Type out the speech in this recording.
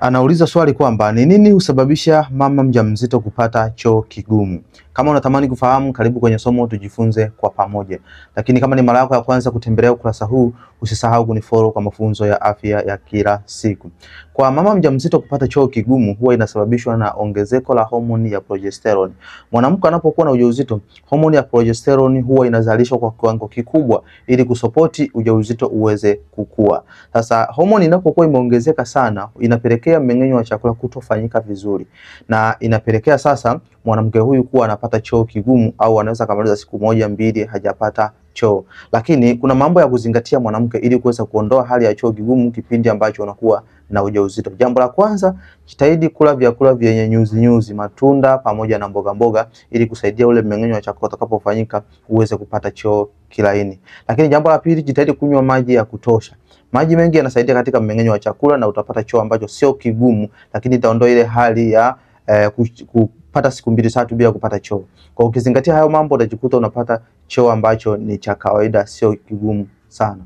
anauliza swali kwamba ni nini husababisha mama mjamzito kupata choo kigumu. Kama unatamani kufahamu, karibu kwenye somo tujifunze kwa pamoja. Lakini kama ni mara yako ya kwanza kutembelea ukurasa huu, usisahau kunifollow kwa mafunzo ya afya ya kila siku. Kwa mama mjamzito kupata choo kigumu huwa inasababishwa na ongezeko la homoni ya progesterone. Mwanamke anapokuwa na ujauzito, homoni ya progesterone huwa inazalishwa kwa kiwango kikubwa ili kusopoti ujauzito uweze kukua. Sasa homoni inapokuwa imeongezeka sana, inapelekea mmeng'enyo wa chakula kutofanyika vizuri na inapelekea sasa mwanamke huyu kuwa anapata hajapata choo kigumu, au anaweza kamaliza siku moja mbili hajapata choo. Lakini kuna mambo ya kuzingatia mwanamke, ili kuweza kuondoa hali ya choo kigumu kipindi ambacho unakuwa na ujauzito. Jambo la kwanza, jitahidi kula vyakula vyenye nyuzi nyuzi, matunda pamoja na mboga mboga, ili kusaidia ule mmeng'enyo wa chakula utakapofanyika uweze kupata choo kilaini. Lakini jambo la pili, jitahidi kunywa maji ya kutosha. Maji mengi yanasaidia katika mmeng'enyo wa chakula na utapata choo ambacho sio kigumu, lakini itaondoa ile hali ya eh, ku, ku, pata siku mbili tatu bila kupata choo. Kwa ukizingatia hayo mambo, utajikuta unapata choo ambacho ni cha kawaida, sio kigumu sana.